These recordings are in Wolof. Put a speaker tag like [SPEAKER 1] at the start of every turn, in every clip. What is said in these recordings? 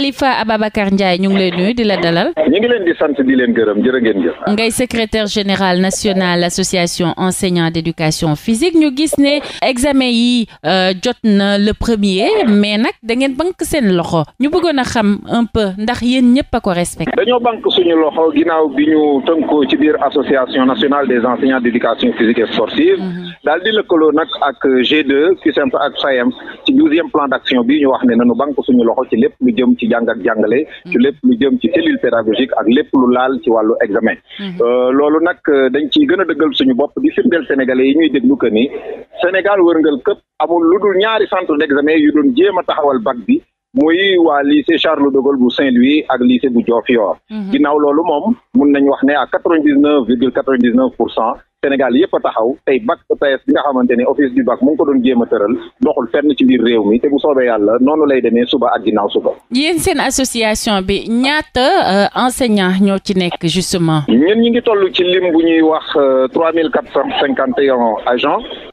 [SPEAKER 1] Khalifa Ababacar Ndiaye ñu ngi leen di la dalal.
[SPEAKER 2] ñu ngi leen di sant di leen gërëm jërë ngeen jëf.
[SPEAKER 1] ngay secrétaire général national association enseignants d'éducation physique ñu gis ne examen yi euh, jot na le premier mais nag da ngeen bank seen loxo ñu bëggoon a xam un peu ndax yéen ñëpp a ko respecté.
[SPEAKER 2] dañoo bank suñu loxo ginnaaw bi ñu tënkoo ci biir association nationale des enseignants d'éducation physique et sportive. Mm-hmm. daal di lëkkaloo nag ak G2 CUSEMS ak SAEMS ñu wax ne nañu bank suñu loxo ci lépp jàng ak jàngale mm. ci lépp lu jëm ci cellule pédagogique ak lépp lu laal ci wàllu examen mm-hmm. euh, loolu nag euh, dañ ci gën a dëggal suñu bopp di firndeel sénégalais yi ñuy déglu que ni Sénégal wërngal këpp amul lu dul ñaari centre d'examen yu doon jéem a taxawal bac bi muy waa lycée Charles de Gaulle bu Saint-Louis ak lycée bu Diofior mhm. ginnaaw loolu moom mun nañ wax ne à quatre-vingt-dix-neuf virgule quatre-vingt-dix-neuf pour Sénégal yëpp a taxaw tey bac EPS bi nga xamante ne office du bac mu ngi ko doon jéem a tëral doxul fenn ci biir réew mi te bu soobee yàlla noonu lay demee suba ak ginnaaw suba.
[SPEAKER 1] yéen seen association bi ñaata euh, enseignant ñoo ci nekk justement. ñun ñu ngi
[SPEAKER 2] toll ci lim bu ñuy wax euh, trois mille quatre cent cinquante et un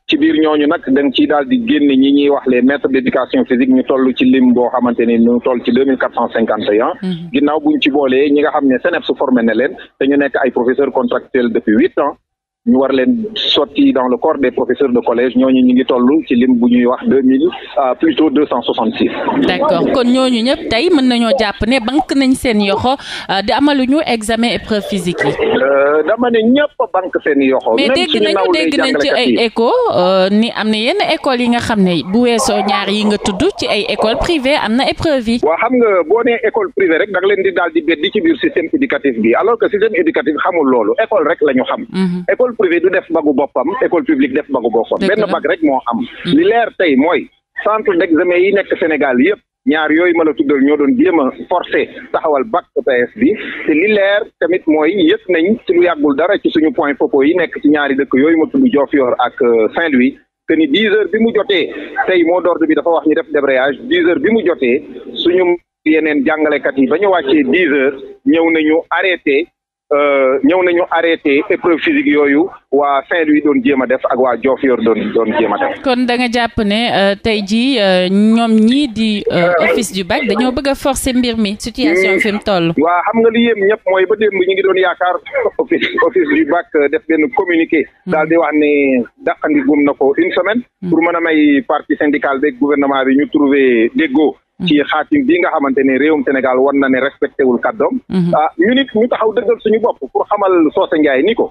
[SPEAKER 2] ci biir ñooñu nag dañ ciy daal di génn ñi ñuy wax les maîtres d'éducation physique ñu toll ci lim boo xamante ni ñu toll ci deux mille quatre cent cinquante et un mhm. ginnaaw buñ ci boolee ñi nga xam ne CNEPS formé na leen te ñu nekk ay professeurs contractuels depuis huit ans ñu war leen sotti dans le corps des professeurs de collège ñooñu ñu ngi toll ci lim bu ñuy wax deux mille euh, plutôt deux cent soixante six. d'accord kon
[SPEAKER 1] ñooñu ñëpp tey mën nañoo jàpp ne bank nañ seen yoxo euh, di amaluñu examen épreuve physique yi. Euh,
[SPEAKER 2] dama ne ñëpp banque seen yoxo. mais dégg nañu dégg nañ ci ay écho
[SPEAKER 1] ni am na yenn école yi nga xam ne bu weesoo ñaar yi nga tudd ci ay école privée am na épreuve yi. waaw xam nga boo école
[SPEAKER 2] privée rek da leen di daal di beddi ci biir système éducatif bi alors que système éducatif loolu école rek la ñu xam. Mhm. école privé du def bagu boppam école publique def bagu boppam benn bag rek moo am mm. li leer tey mooy centre d'examen yi nekk Sénégal yëpp ñaar yooyu ma la tuddal ñoo doon jéem a forcé taxawal bac EPS bi te li leer tamit mooy yëg nañ ci lu yàggul dara ci suñu point fopo yi nekk ci ñaari dëkk yooyu ma tudd Diofior ak euh, Saint-Louis que ni dix heures bi mu jotee tey moo d'ordre bi dafa wax ñu def débrayage dix heures bi mu jotee suñu yeneen jàngalekat yi ba ñu wàccee dix heures ñëw nañu arrêté Euh, ñëw nañu arrêté épreuve physique yooyu waa Saint-Louis doon jéem a def ak waa Diofior doon doon jéem a def.
[SPEAKER 1] kon da nga jàpp ne euh, tey jii euh, ñoom ñii di office du bac dañoo bëgg a forcer mbir mi situation hmm. fi mu
[SPEAKER 2] toll. waa xam nga li yéem ñëpp mooy ba démb ñu ngi doon yaakaar office office du bac def benn communiqué. Hmm. daal di wax ne dàqandi gum na ko une semaine. Hmm. pour mën a may parti syndical beeg gouvernement bi ñu trouver déggoo. ci xaatim bi nga xamante ne réewum Sénégal war na ne respecté wul kàddoom. Mhm. ah ñu nit ñu taxaw dëggal suñu bopp pour xamal Socé Ndiaye ni ko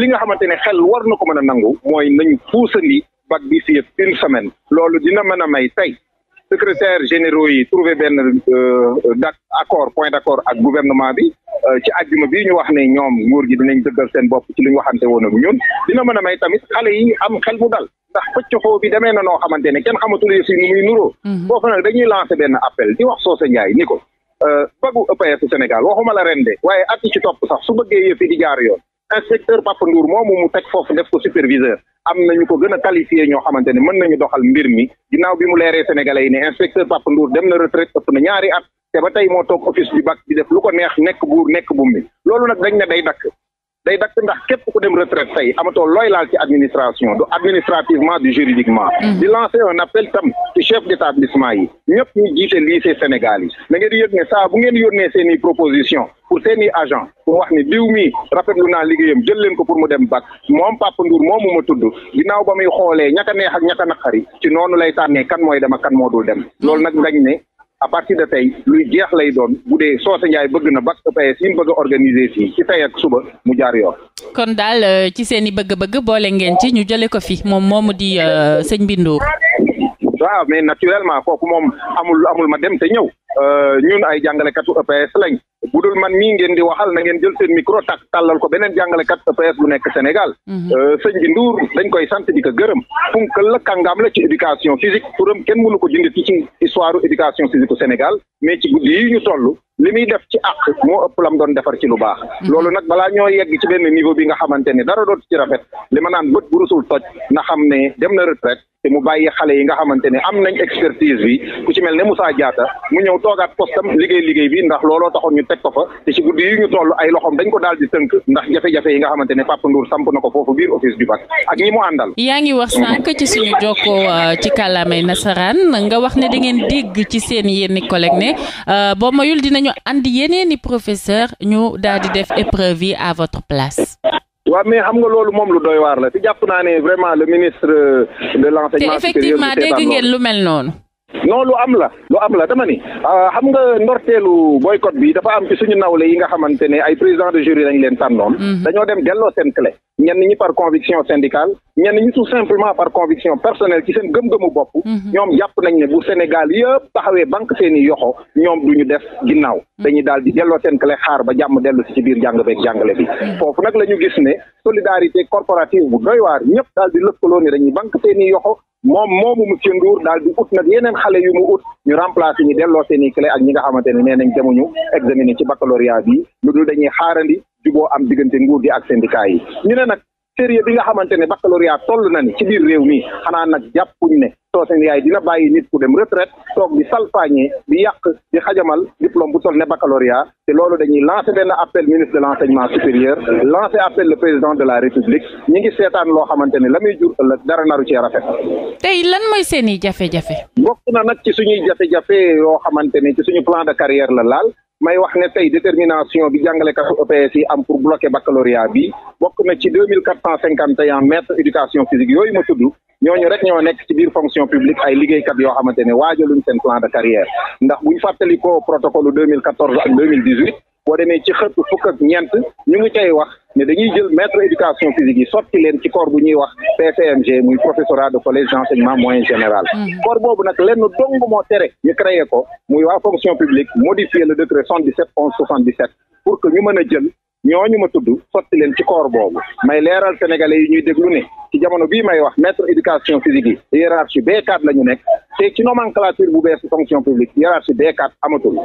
[SPEAKER 2] li nga xamante ne xel war na ko mën a nangu mooy nañu fuusandi bac bi fii une semaine loolu dina mën a may tey. secrétaire généraux yi trouvé benn euh, date accord point d'accord ak gouvernement bi euh, ci àjjuma bi ñu wax na ñoom nguur gi dinañ dëggal seen bopp ci li ñu waxante woon ak ñun dina mën a may tamit xale yi am xel bu dal ndax pëccaxoo bi demee na noo xamante ne kenn xamatul yëf yi nu muy nuroo mhm. foofu nag dañuy lancé benn appel di wax Socé Ndiaye ni ko bagu euh, EPS Sénégal waxuma la ren de waaye at ci topp sax su bëggee yëf yi di jaar yoon inspecteur Papa Ndour moomu mu teg foofu def ko superviseur am na ñu ko gën a qualifié ñoo xamante ne mën nañu doxal mbir mi dinaaw bi mu leeree sénégalais yi ne inspecteur Papa Ndour dem na retraite ëpp na ñaari at te ba tey moo toog office bi bac di def lu ko neex nekk buur nekk bummi loolu nag dañ ne day dakk day dakk ndax képp ku dem retraite tey amatoo looy laal ci administration du administrativement du juridiquement mm. di lancer un appel tam ci chef d'établissement yi ñëpp ñu jiite lycée Sénégal yi da ngeen di yëg ne saa bu ngeen yónnee seen i proposition pour seen agent pour wax ni diw mi rafetlu naa liggéeyam jël leen ko pour mu dem bac moom Papa Ndour moomu ma tudd ginnaaw ba muy xoolee ñaka neex ak ñaka naqari ci noonu lay tànnee kan mooy dem kan moo dul dem mm. loolu nag ngañ ne à partir de tey luy jeex lay doon bu dee Socé Ndiaye bëgg na bac EPS yi mu bëgg a organiser fii ci tey ak suba mu jaar yoon.
[SPEAKER 1] kon daal euh, ci seen i bëgg-bëgg boole ngeen ci ñu jëlee ko fi moom moomu di euh, sëñ Bindour.
[SPEAKER 2] waaw mais naturellement kooku moom amul amul ma dem te ñëw euh, ñun ay jàngalekatu EPS lañ bu dul man mii ngeen di waxal na ngeen jël seen micro tak tàllal ko beneen jàngalekat EPS bu nekk Sénégal mhm. euh, sëñ bi Ndour dañ koy sant di ko gërëm funkal la kàngaam la ci éducation physique turam kenn mënu ko jënd ci histoire éducation physique u Sénégal mais ci guddi yi ñu toll li muy def ci àq moo ëpp la mu doon defar ci lu baax mhm. loolu nag balaa ñoo yegg ci benn niveau bi nga xamante ne dara dootu ci rafet li ma naan bët bu rusul xam ne dem na te mu bàyyi xale yi nga xamante ne am nañ expertise bi ku ci mel ne Moussa jaata mu ñëw toogaat postam liggéey liggéey bi ndax looloo taxoon ñu teg ko fa te ci guddi yi ñu toll ay loxoom dañ ko daal di tënk ndax jafe-jafe yi nga xamante ne Pape Ndour samp na ko foofu biir office du BAC ak ñi mu àndal.
[SPEAKER 1] yaa ngi wax sànq ci suñu jokkoo euh, ci kàllaamay nasaraan nga wax ne da ngeen dégg ci seen yenn collègue ne euh, boo mayul dinañu andi yeneeni professeur ñu daal di def épreuve yi à votre
[SPEAKER 2] waaw mais xam nga loolu moom lu doy waar la si jàpp naa ne vraiment le ministre euh, de l' enseignement supérieur te effectivement dégg ngeen lu mel noonu. non lu am la lu am la dama ni euh, xam nga ndorteelu boycott bi dafa am ci suñu nawle yi nga xamante ne ay président de jury lañ leen tànnoon. Mhm. dañoo dem delloo seen clé. ñenn ñi par conviction syndicale ñenn ñi tout simplement par conviction personnelle ci seen gëm-gëmu bopp. Mhm. ñoom yàpp nañ ne bu Sénégal yëpp taxawee banque seen i yoxo ñoom du ñu def ginnaaw mhm. dañuy daal di delloo seen clé xaar ba jàmm dellu si ci biir jàng beeg jàngale bi. Mhm. foofu nag la ñu gis ne solidarité corporative bu doy waar ñëpp daal di lëkkaloo ne dañuy banque seen i yoxo moom moomu monsieur Ndour daal di ut nag yeneen xale yu mu ut ñu remplacer ñu delloo seen i clé ak ñi nga xamante ne nee nañ demuñu examiner ci baccalauréat bi lu dul dañuy xaarandi. juboo am diggante nguur gi ak syndicat yi ñu ne nag sérieux bi nga xamante ne baccalauréat toll na ni ci biir réew mi xanaa nag jàppuñ ne Socé Ndiaye dina bàyyi nit ku dem retraite toog di salfaañe di yàq di xajamal diplôme bu toll ne baccalauréat te loolu dañuy lancé benn appel ministre de l' enseignement supérieur lancé appel le président de la république ñi ngi seetaan loo xamante ne la muy jur ëllëg dara naru cee rafet.
[SPEAKER 1] tey lan mooy seen i jafe-jafe.
[SPEAKER 2] bokk na nag ci suñuy jafe yoo xamante ne ci suñu plan de carrière la laal. may wax ne tey détermination bi jàngalekatu EPS yi am pour bloquer baccalauréat bi bokk na ci deux mille quatre cent cinquante et un maître éducation physique yooyu ma tudd ñooñu rek ñoo nekk ci biir fonction publique ay liggéeykat yoo xamante ne waajaluñ seen plan de carrière ndax buñ fàttalikoo protocole deux mille quatorze ak deux mille dix huit boo demee ci xëpp fukk ak ñeent ñu ngi cay wax ne dañuy jël metre éducation physique yi sotti leen ci corps bu ñuy wax PCMG muy professorat de collège d'enseignement moyen général mhm. corps boobu nag lenn dong moo tere ñu créé ko muy waa fonction publique modifier le décret 77 11 77 pour que ñu mën a jël ñooñu ma tudd sotti leen ci corps boobu may leeral sénégalais yi ñuy déglu ne ci jamono bii may wax maître éducation physique yi B4 la ñu nekk te ci nomenclature bu bees fonction publique hiérarchie B4 amatul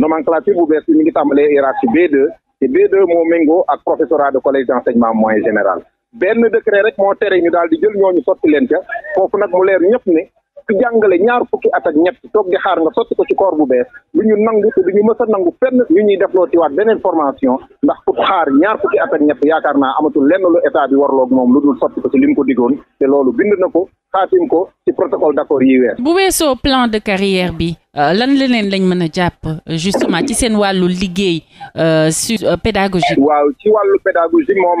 [SPEAKER 2] nomenclature bu bees bi mi ngi tàmbalee hiérarchie B2 te B2 moo méngoo ak professorat de collège d'enseignement moyen général benn décret rek moo tere ñu daal di jël ñu sotti leen ca foofu nag mu leer ñëpp ne di jàngale ñaar fukki at ak ñett toog di xaar nga sotti ko ci koor bu bees lu ñu nangu te du ñu mës a nangu fenn ñu ñuy defloo ci waat beneen formation ndax fukki at ak ñett yaakaar naa amatul lenn lu état bi warloog moom lu dul sotti ko ci li mu ko digoon te loolu bind na ko xaatim ko ci protocole d'accord yi weer bu
[SPEAKER 1] weesoo plan de carrière bi euh, lan leneen lañ mën a jàpp euh, justement ci seen wàllu liggéey euh, su pédagogique waaw
[SPEAKER 2] ci wàllu pédagogie moom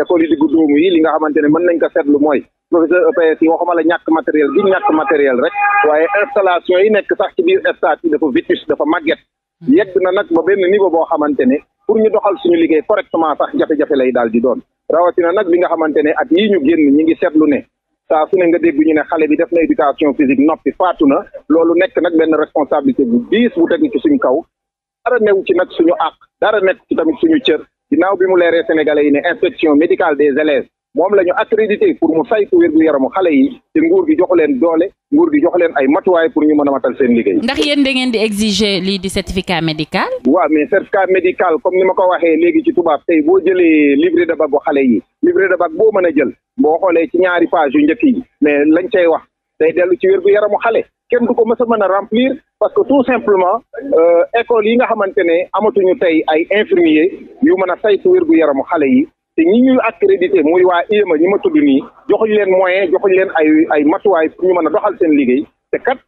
[SPEAKER 2] école yi diggu dóomu yi li nga xamante ne mën nañ ko seetlu mooy professeur EPS yi waxuma la ñàkk matériel bi ñàkk matériel rek waaye installation yi nekk sax ci biir stade yi dafa vétuste dafa magget yegg na nag ba benn niveau boo xamante ne pour ñu doxal suñu liggéey correctement sax jafe-jafe lay daal di doon rawatina nag bi nga xamante ne at yii ñu génn ñi ngi seetlu ne saa su ne nga dégg ñu ne xale bi def na éducation physique noppi faatu na loolu nekk nag benn responsabilité bu diis bu tegu ci suñ kaw dara ci nag suñu àq dara tamit suñu cër ginnaaw bi mu leeree sénégalais yi ne inspection médicale des élèves moom la ñu pour mu saytu wér-gu-yaramu xale yi te nguur gi joxu leen doole nguur gi jox leen ay matuwaay pour ñu mën a matal seen liggéey. ndax
[SPEAKER 1] yéen da ngeen di exiger lii di certificat médical.
[SPEAKER 2] waaw mais certificat médical comme ni ma ko waxee léegi ci tubaab tey boo jëlee livret de bac bu xale yi livret de bac boo mën a jël boo xoolee ci ñaari page yu njëkk yi mais lañ cay wax. day dellu ci wér gu yaramu xale kenn du ko mës a mën a remplir parce que tout simplement euh, école yi nga xamante ne amatuñu tey ay infirmier yu mën a saytu wér gu yaramu xale yi te ñi ñuy accrédité muy waa IEMA ñi ma tudd nii joxuñ leen moyen joxuñ leen ay ay matuwaay pour ñu mën a doxal seen liggéey te kat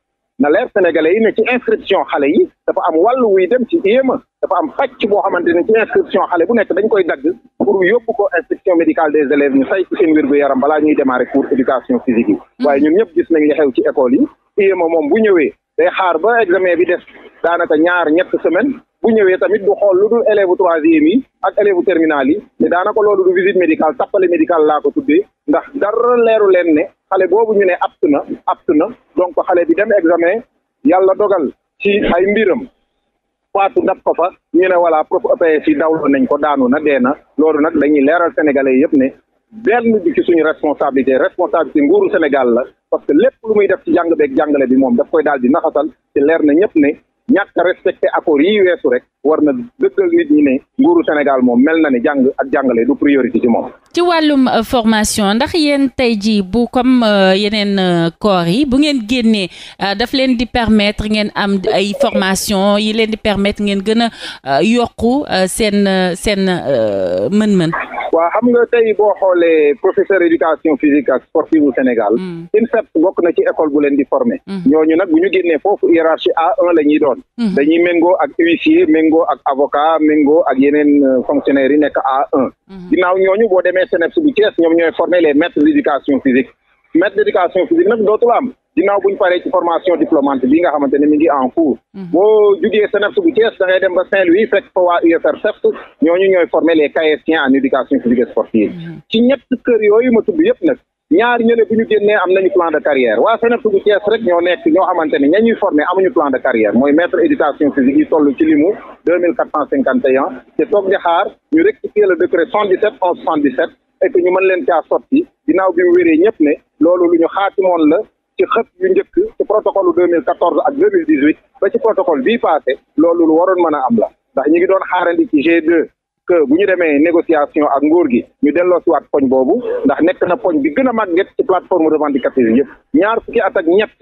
[SPEAKER 2] na leer sénégalais yi ne ci inscription xale yi dafa am wall wuy dem ci IEMA dafa am pàcc boo xamante ne ci inscription xale bu nekk dañ koy dagg pour yóbbu ko inspection médicale des élèves ñu saytu seen wér gu yaram balaa ñuy démarrer cours éducation physique yi mm-hmm. waaye ñun ñëpp gis nañ li xew ci école yi IEMA moom bu ñëwee day xaar ba examen bi def daanaka ñaar ñett semaine bu ñëwee tamit du xool lu dul élève troisième yi ak élève terminale yi te daanaka loolu du visite médicale tappale médicale laa ko tuddee ndax dara leeru leen ne xale boobu ñu ne apt na apt na donc xale bi dem examen yàlla dogal ci ay mbiram faatu daf ko fa ñu ne voilà prof EPS yi dawloo nañ ko daanu na dee na loolu nag dañuy leeral sénégalais yëpp ne benn bi ci suñu responsabilité responsabilité nguuru Sénégal la parce que lépp lu muy def ci jàng beeg jàngale bi moom daf koy daal di naxasal te leer na ñëpp ne ñàkk respecté accords yi weesu rek war na dëggal nit ñi ne nguuru Sénégal moom mel na ne jàng ak jàngale du priorité ci moom.
[SPEAKER 1] ci wàllum euh, formation ndax yéen tey jii bu comme euh, yeneen euh, corps yi bu ngeen génnee daf leen di permetre ngeen am ay formation yi leen di permetre ngeen gën a yokku seen seen mën-mën.
[SPEAKER 2] waa xam nga tey boo xoolee professeur éducation physique ak sportive bu Sénégal. Mm. INSEP bokk na ci école bu leen di former. Mm. ñooñu nag bu ñu génnee foofu hiérarchie A1 la ñuy doon. Mm. dañuy méngoo ak huissier méngoo ak avocat méngoo ak yeneen fonctionnaires yi nekk A1. ginnaaw ñooñu boo demee SNEPS bu Thiès ñoom ñooy former les maîtres d'éducation physique maître d'éducation physique nag dootul am ginnaaw bu paree ci formation diplômante bi nga xamante ne mi ngi en cours. Mhm. boo jugee SNEPS bu Thiès da dem ba Saint-Louis fekk fa waa UFR SEPS ñooñu ñooy former les caissiens en éducation physique et sportive. Mhm. ci ñett kër yooyu ma tudd yëpp nag. ñaar ñële bu ñu génnee am nañu plan de carrière waa FENEPS bu Thiès rek ñoo nekk ñoo xamante ne ña ñuy formé amuñu plan de carrière mooy maître éducation physique yi toll ci limu deux mille quatre cent cinquante et un toog di xaar ñu rectifier le décret cent dix sept onze cent dix sept et ñu mën leen caa sotti ginnaaw bi mu wéree ñëpp ne loolu lu ñu xaatimoon la ci xët yu njëkk ci protocole deux mille quatorze ak deux mille dix huit ba ci protocole lu waroon mën a am la ñu ngi doon xaarandi que bu ñu demee négociation ak nguur gi ñu delloo delloosiwaat poñ boobu ndax nekk na poñ bi gën a màgget ci plateforme revendicative yi yëpp ñaar fukki at ak ñett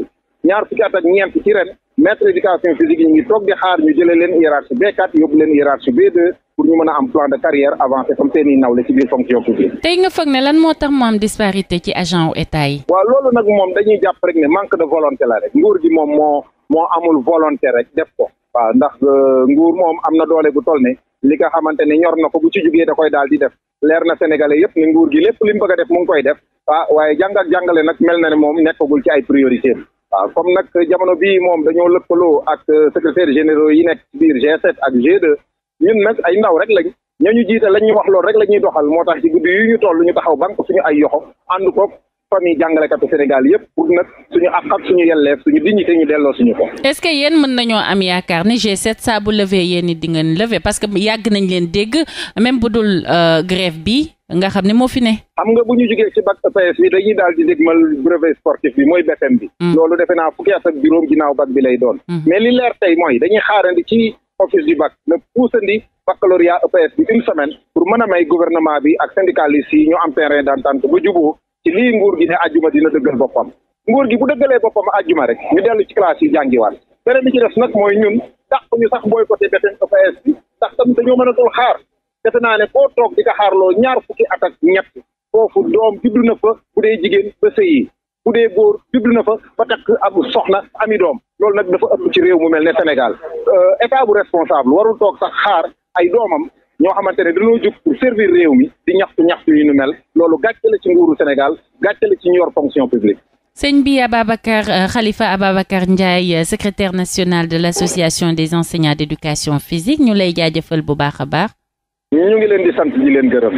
[SPEAKER 2] ñaar fukki at ak ñeent ci ren maître éducation physique yi ñu ngi toog di xaar ñu jëlee leen hiérarchie B4 yóbbu leen hiérarchie B2 pour ñu mën a am plan de carrière avancé comme seen i nawle ci biir fonction publique.
[SPEAKER 1] tey nga foog ne lan moo tax mu am disparité ci agent wu état yi.
[SPEAKER 2] waaw loolu moom dañuy jàpp rek ne manque de volonté la rek nguur gi moom moo moo amul volonté rek def ko. waaw ndax euh, nguur moom am na doole bu tol ne li nga xamante ne ñor na ko bu ci jugee da koy daal di def leer na sénégalais yëpp ne nguur gi lépp li mu bëgg def mu koy def ah waaye jàng ak jàngale nag mel na ne moom nekkagul ci ay priorité waaw comme nag jamono bii moom dañoo lëkkaloo ak euh, secrétaire généraux yi nekk biir g ak G2 ñun nag ay ndaw rek lañ ñooñu jiite lañ ñu wax loolu rek la ñuy doxal moo tax ci guddi yu ñu toll ñu taxaw banque suñu ay yoxo ànd koog famille jàngalekatu Sénégal yëpp pour nag suñu àq ak suñu yelleef suñu dignité ñu delloo suñu ko.
[SPEAKER 1] est-ce mën nañoo am yaakaar ni G7 saa bu levé di ngeen levé parce yàgg nañ leen dégg même bu dul euh, grève bi nga xam ne moo fi ne.
[SPEAKER 2] xam nga bu ñu jógee ci bac EPS bi dañuy daal di dégmal brevet sportif bi mooy BFM bi. Mm. loolu defe naa fukki at ak juróom ginnaaw bac bi lay doon. Mm. mais tey mooy dañuy xaarandi ci office du bac na puusandi baccalauréat e a may ci lii nguur gi ne ajjuma dina dëggal boppam nguur gi bu dëggalee boppam ajjuma rek ñu dellu ci classe yi jàngiwaat beneen bi ci def nag mooy ñun tax ñu sax boycotté BTN EPS bi tax tamit dañoo mënatul xaar defe naa ne koo toog di ko xaarloo ñaar fukki at ak ñett foofu doom juddu na fa bu dee jigéen ba sëyi bu dee góor juddu na fa ba takk ab soxna ami doom loolu nag dafa ëpp ci réew mu mel ne Sénégal euh, état bu responsable warul toog sax xaar ay doomam ñoo xamante ne dañoo jóg pour servir réew mi di ñaxtu ñaxtu yu nu mel loolu gàcce la ci nguuru Sénégal gàcce la ci ñu yor fonction publique.
[SPEAKER 1] sëñ bi Ababacar xalifa euh, Ababacar Ndiaye secretaire national de l' association des enseignants d' éducation physique ñu lay jaajëfal bu baax a baax.
[SPEAKER 2] ñu ngi leen di sant leen gërëm.